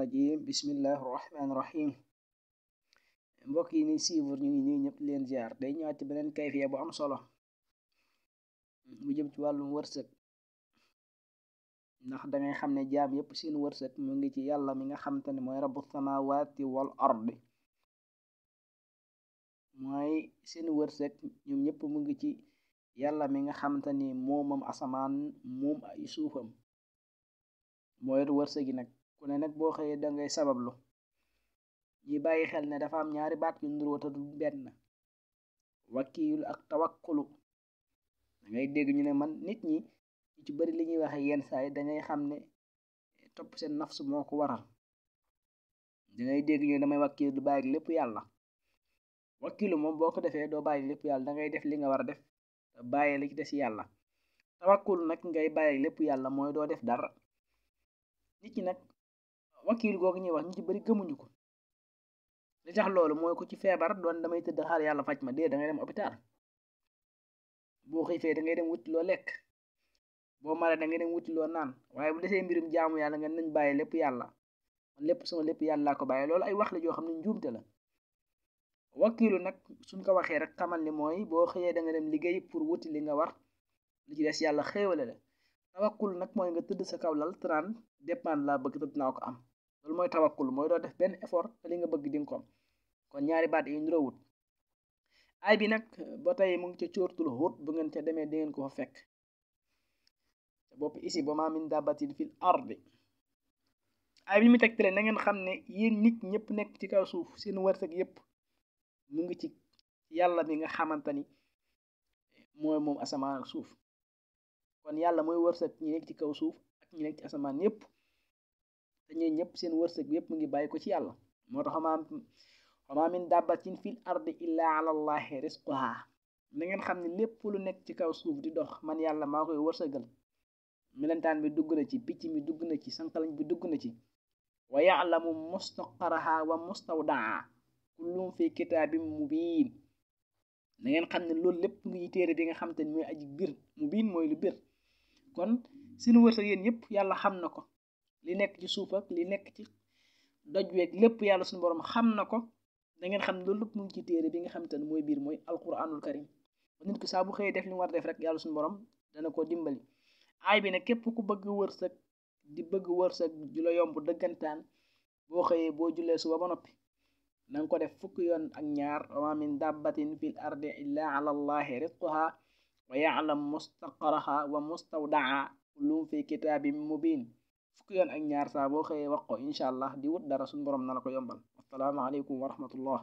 rajim bismillahi rahmaani rahim mbokk yi ni suivre ñu ngi ñuy ñëpp leen ziar day ñëwaat beneen kayfiya bu am solo bu jëm ci wàllum wërsëg ndax dangay xam ne jaam yépp seen wërsëg mu ngi ci yàlla mi nga xam ne mooy rabu samawati wal ardi mooy seen wërsëg ñoom mu ngi ci mi nga xam te ni moomam asamaan moom ay suufam mooy wërsëg yi nag ku ne nag boo xëyee dangay ngay sabablu ñi bàyyi xel ne dafa am ñaari baat yu nuroo te du benn wakiilu ak tawakkulu da dégg ñu ne man nit ñi ñu ci bari li ñuy waxe yenn saa yi dangay xam ne topp seen nafsu moo ko waral dangay dégg ñu ne damay wakiilu bàyyi lépp yàlla wakiilu moom boo ko defee doo bàyyi lépp yàlla dangay def li nga war a def te bàyyi la def si yàlla tawakkulu nag ngay bàyyi lépp yàlla mooy doo def dara nit ñi nag wakil gog ñuy wax ñu ci bari gëmuñu ko li tax loolu mooy ku ci feebar doon damay tëdd xaar yàlla faj ma dee da ngay dem hôpital boo xiifee da ngay dem wuti loo lekk boo mare da ngay dem wuti loo naan waaye bu desee mbirum jaamu yàlla nga nañ bàyyi lépp yàlla man lépp sama lépp ko bàyyi loolu ay wax la joo xam ne njuumte la wakil nag suñ ko waxee rek xamal ni mooy boo xëyee da nga dem liggéey pour wuti li nga war li ci des yàlla xéewale la tawakkul nag mooy nga tëdd sa kaw lal dépend la bëgg tëdd naa ko am loolu mooy tawakkul mooy doo def benn effort te li nga bëgg di nga ko kon ñaari baat yi niroowut ay bi nag ba tey mu ngi ci cóortul xóot bu ngeen ca demee di ngeen ko fa fekk te bopp isi ba maam min dabatin fil ardi ay bi mu tegtale na ngeen xam ne yéen nit ñëpp nekk ci kaw suuf seen wërsëg yëpp mu ngi ci yàlla mi nga xamante ni mooy moom asamaan ak suuf kon yàlla mooy wërsëg ñi nekk ci kaw suuf ak ñi nekk ci asamaan yëpp te ñëpp seen wërsëg bi yëpp mu ngi bàyyi ko ci yàlla moo tax xamaa xamaa min dabbatin fil ardi illa ala allahi risquha na ngeen xam ne lépp lu nekk ci kaw suuf di dox man yàlla maa koy wërsëgal melentaan bi dugg na ci picc mi dugg na ci sanqalañ bi dugg na ci wa ya'lamu mustaqaraha wa mustawdaa kullum fi kitaabin mubiin na ngeen xam ne loolu lépp ngi téere bi nga xam ni mooy aji bir biin mooy lu bir kon seen wërsëg yéen yëpp yàlla xam na ko li nekk ci suuf ak li nekk ci doj weeg lépp yàlla suñu borom xam na ko da xam ne loolu lépp mu ngi ci téere bi nga xam te ne mooy biir mooy alquranul karim nit ko saa bu xëyee def li war def rek yàlla dana ko dimbali aay bi nag képp ku bëgg wërsëg bëgg wërsëg ju la yomb dëggantaan boo xëyee boo jullee suba ba noppi na ko def fukki yoon ak ñaar wama min dabbatin fil ardi illa ala allahi rizquha wa ya'lam mustaqaraha wa mustawdaa kullum fi kitaabin mubin fukki yoon ak ñaar saa boo xëyee wax ko incha allah di wut dara suñu borom na la ko yombal asalaamaaleykum wa